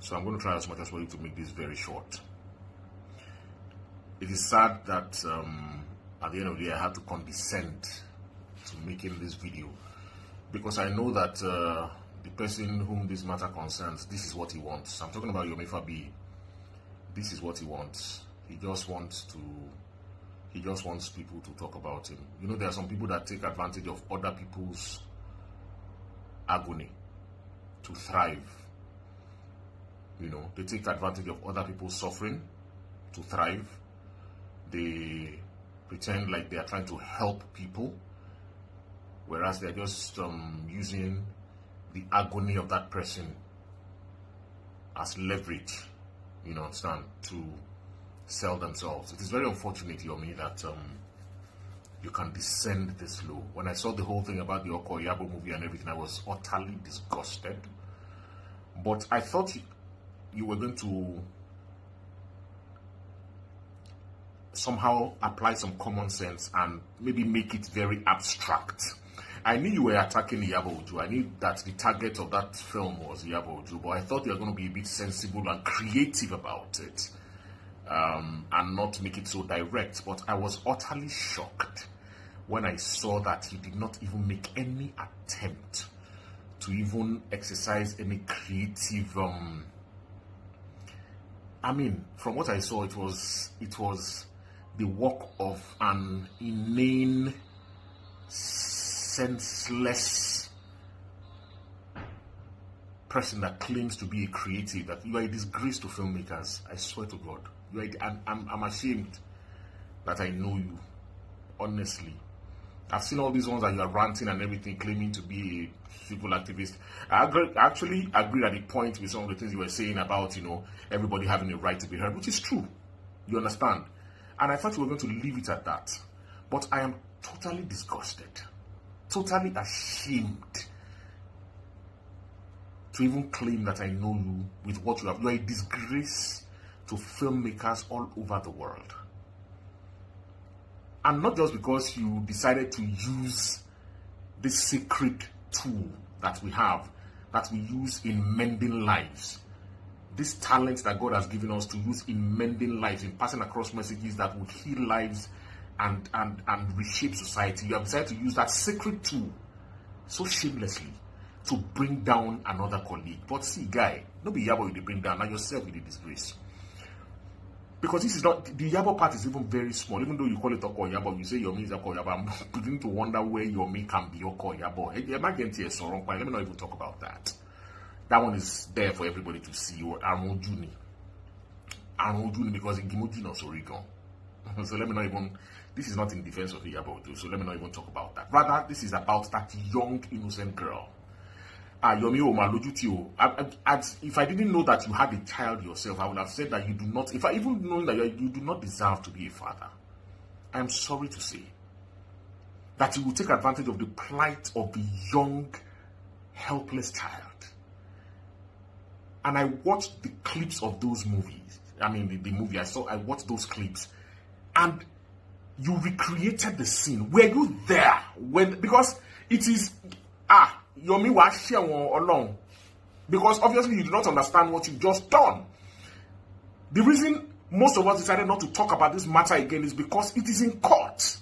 So I'm going to try as much as possible to make this very short. It is sad that um, at the end of the day I had to condescend to making this video because I know that uh, the person whom this matter concerns, this is what he wants. I'm talking about Yomifa B. This is what he wants. He just wants to he just wants people to talk about him. You know, there are some people that take advantage of other people's agony to thrive. You know, they take advantage of other people's suffering to thrive. They pretend like they are trying to help people, whereas they're just um, using the agony of that person as leverage, you know, understand, to sell themselves. It is very unfortunate, Yomi, that um, you can descend this low. When I saw the whole thing about the Okoyabo movie and everything, I was utterly disgusted. But I thought you were going to somehow apply some common sense and maybe make it very abstract. I knew you were attacking Iyabo I knew that the target of that film was Iyabo but I thought you were going to be a bit sensible and creative about it um, and not make it so direct. But I was utterly shocked when I saw that you did not even make any attempt to even exercise any creative um, I mean, from what I saw, it was it was the work of an inane, senseless person that claims to be a creative. That you are a disgrace to filmmakers. I swear to God, you are, I'm, I'm, I'm ashamed that I know you, honestly. I've seen all these ones that you are ranting and everything, claiming to be a civil activist. I agree, actually agree at the point with some of the things you were saying about, you know, everybody having a right to be heard, which is true. You understand? And I thought we were going to leave it at that. But I am totally disgusted, totally ashamed to even claim that I know you with what you have. You are a disgrace to filmmakers all over the world and not just because you decided to use this secret tool that we have that we use in mending lives this talent that god has given us to use in mending lives in passing across messages that would heal lives and and and reshape society you have decided to use that secret tool so shamelessly to bring down another colleague but see guy no be yabo you bring down na yourself with dey disgrace because this is not the Yabo part is even very small. Even though you call it Oko Yabo, you say your is Oko Yabo. I'm beginning to wonder where your me can be Oko Yabo. Let me not even talk about that. That one is there for everybody to see. Or Arunjuni, Arunjuni, because Gimojuni also Oregon. so let me not even. This is not in defense of Yabo, so let me not even talk about that. Rather, this is about that young innocent girl Ayomi Omalujuti, if I didn't know that you had a child yourself, I would have said that you do not, if I even knowing that you do not deserve to be a father, I'm sorry to say that you will take advantage of the plight of the young, helpless child. And I watched the clips of those movies. I mean, the, the movie I saw, I watched those clips. And you recreated the scene. Were you there? when Because it is, ah, Yomi wa share alone because obviously you do not understand what you've just done. The reason most of us decided not to talk about this matter again is because it is in court.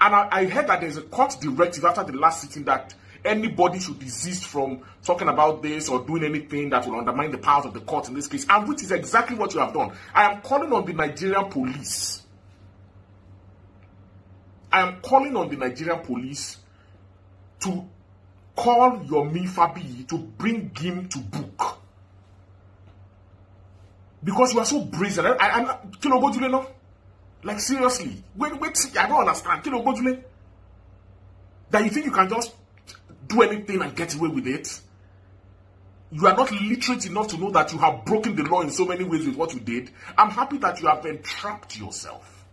And I, I heard that there's a court directive after the last sitting that anybody should desist from talking about this or doing anything that will undermine the powers of the court in this case, and which is exactly what you have done. I am calling on the Nigerian police. I am calling on the Nigerian police to call your Fabiyi to bring him to book because you are so brazen. I, I, I kí ló gbójúlé náà like seriously wait wait see I don't understand kí ló gbójúlé that you think you can just do anything and get away with it you are not literate enough to know that you have broken the law in so many ways with what you did. I'm happy that you have entrapped yourself.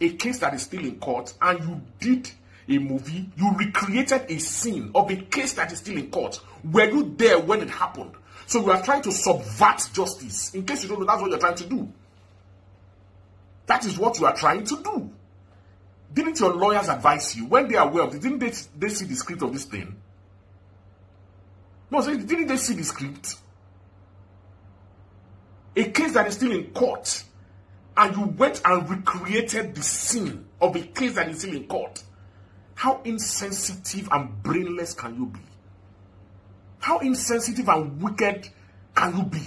A case that is still in court and you did a movie, you recreated a scene of a case that is still in court. Were you there when it happened? So you are trying to subvert justice. In case you don't know, that's what you're trying to do. That is what you are trying to do. Didn't your lawyers advise you when they are aware of it? Didn't they, they see the script of this thing? No, so didn't they see the script? A case that is still in court, and you went and recreated the scene of a case that is still in court. How insensitive and brainless can you be? How insensitive and wicked can you be?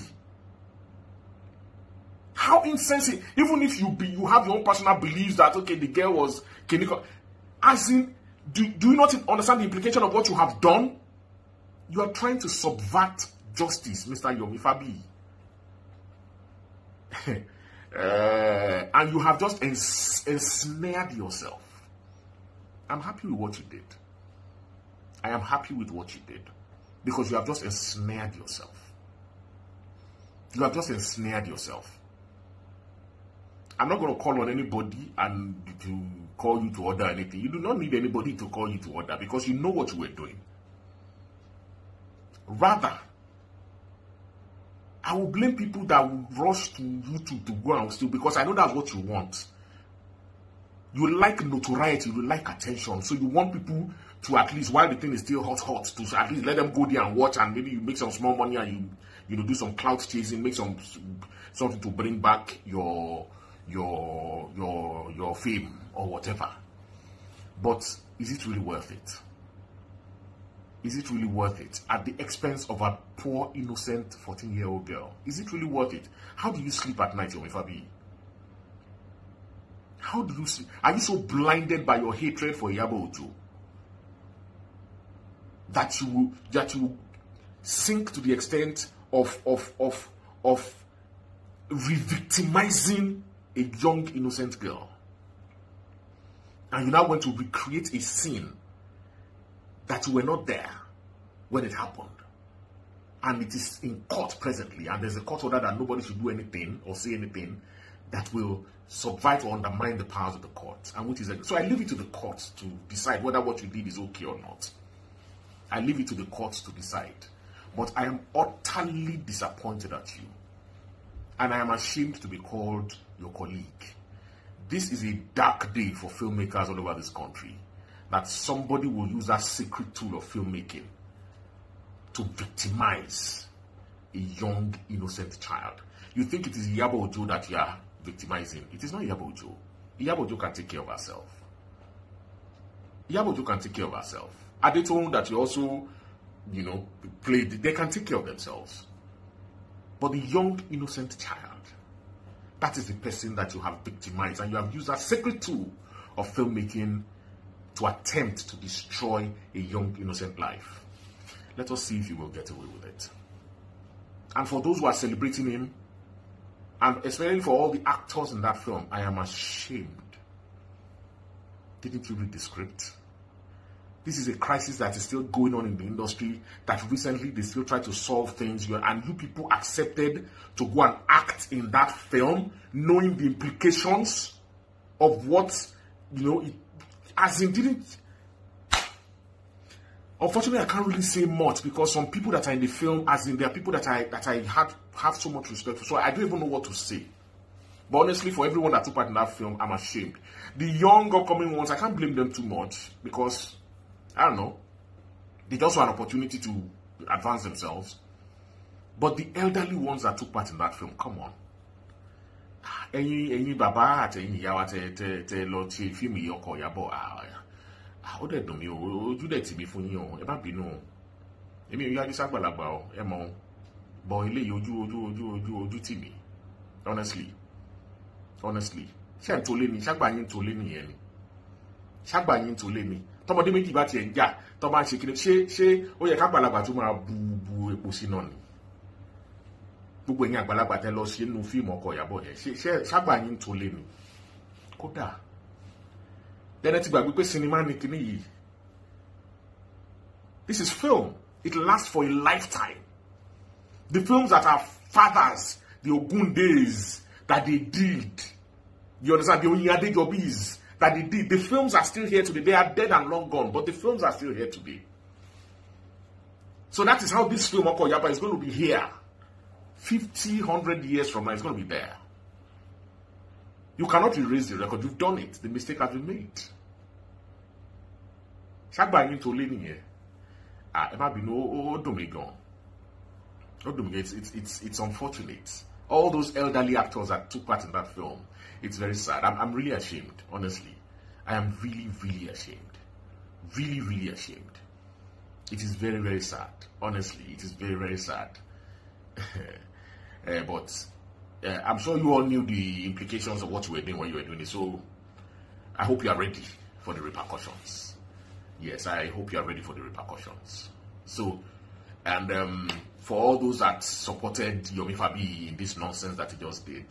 How insensitive, even if you be, you have your own personal beliefs that okay, the girl was clinical. As in, do, do you not understand the implication of what you have done? You are trying to subvert justice, Mr. Yomi Fabi. uh, and you have just ens ensnared yourself. I'm happy with what you did. I am happy with what you did because you have just ensnared yourself. You have just ensnared yourself. I'm not going to call on anybody and to call you to order anything. You do not need anybody to call you to order because you know what you were doing. Rather, I will blame people that will rush to YouTube to go and steal because I know that's what you want you like notoriety, you like attention. So you want people to at least while the thing is still hot, hot, to at least let them go there and watch, and maybe you make some small money and you you know do some clout chasing, make some something to bring back your your your your fame or whatever. But is it really worth it? Is it really worth it at the expense of a poor innocent 14 year old girl? Is it really worth it? How do you sleep at night, Yomifabi? How do you see? Are you so blinded by your hatred for Yabo that you will, that you sink to the extent of of of of revictimizing a young innocent girl, and you now want to recreate a scene that you were not there when it happened, and it is in court presently, and there's a court order that nobody should do anything or say anything, that will subvert or undermine the powers of the courts. And which is so I leave it to the courts to decide whether what you did is okay or not. I leave it to the courts to decide. But I am utterly disappointed at you. And I am ashamed to be called your colleague. This is a dark day for filmmakers all over this country. That somebody will use that secret tool of filmmaking to victimize a young, innocent child. You think it is Yabo Ojo that you are victimizing. It is not Yabojo. Yabojo can take care of herself. Yabojo can take care of herself. Are they told that you also, you know, played, they can take care of themselves. But the young, innocent child, that is the person that you have victimized and you have used that sacred tool of filmmaking to attempt to destroy a young, innocent life. Let us see if you will get away with it. And for those who are celebrating him, and especially for all the actors in that film, I am ashamed. Didn't you read the script? This is a crisis that is still going on in the industry. That recently they still try to solve things, and you people accepted to go and act in that film, knowing the implications of what you know. It, as in, didn't Unfortunately, I can't really say much because some people that are in the film, as in there are people that I that I had have so much respect for, so I don't even know what to say. But honestly, for everyone that took part in that film, I'm ashamed. The young upcoming ones, I can't blame them too much because I don't know. They just want an opportunity to advance themselves. But the elderly ones that took part in that film, come on. Any ah, any bàbá at any yawa tẹ tẹ tẹ lọ ṣe fíìmù yìí ọkọ ìyàbọ ah, Ah, ó dẹ̀ dùn mí o ojú dẹ̀ tì mí fún yín o ẹ má bínú o èmi ò yájú ságbàlagbà o ẹ mọ o bọ ilé yìí ojú ojú ojú ojú ojú tì mí honestly honestly ṣé ń tolé ni ṣágbà yín tolé nìyẹn ni ṣágbà yín tolé ni tọmọdé méjì bá tiẹ̀ ń jà tọ́ bá ń ṣe kiri ṣé ṣé ó yẹ kágbàlagbà tó máa bu bu epo sí náà ni gbogbo ẹ̀yin àgbàlagbà tẹ lọ sínú fíìmù ọkọ̀ ìyàbọ̀ yẹn ṣé ṣágbà yín tolé ni kódà Then ti gbàgbé pé sinimá ni kíní yìí. This is film. It lasts for a lifetime. The films that our fathers, the Ogun days that they did, you understand, the Onyadejobis, that they did, the films are still here today. They are dead and long gone, but the films are still here today. So that is how this film, Okoyapa, is going to be here. Fifty, hundred years from now, it's going to be there. You cannot erase the record. You've done it. The mistake has been made. ṣàgbà yín tó lé nìyẹn ah, ẹ má bínú ó dùn mí No ó dùn mí gan it's it's it's unfortunate all those elderly actors that took part in that film it's very sad i'm i'm really ashamed honestly i am really really ashamed really really ashamed it is very very sad honestly it is very very sad uh, but uh, I'm sure you all knew the implications of what you were doing when you were doing it. So I hope you are ready for the repercussions. Yes, I hope you are ready for the repercussions. So, and um, for all those that supported Yomi Fabi in this nonsense that he just did,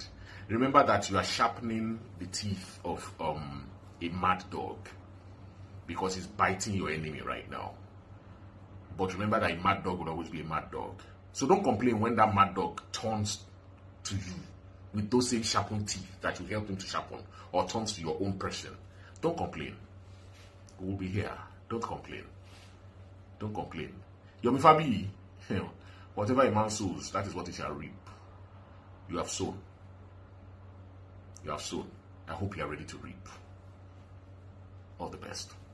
remember that you are sharpening the teeth of um, a mad dog because he's biting your enemy right now. But remember that a mad dog will always be a mad dog. So don't complain when that mad dog turns to you with those same sharpened teeth that you helped him to sharpen or turns to your own person. Don't complain. We'll be here. Don't complain. Don't complain. Yomi Fabi, whatever a man sows, that is what he shall reap. You have sown. You have sown. I hope you are ready to reap. All the best.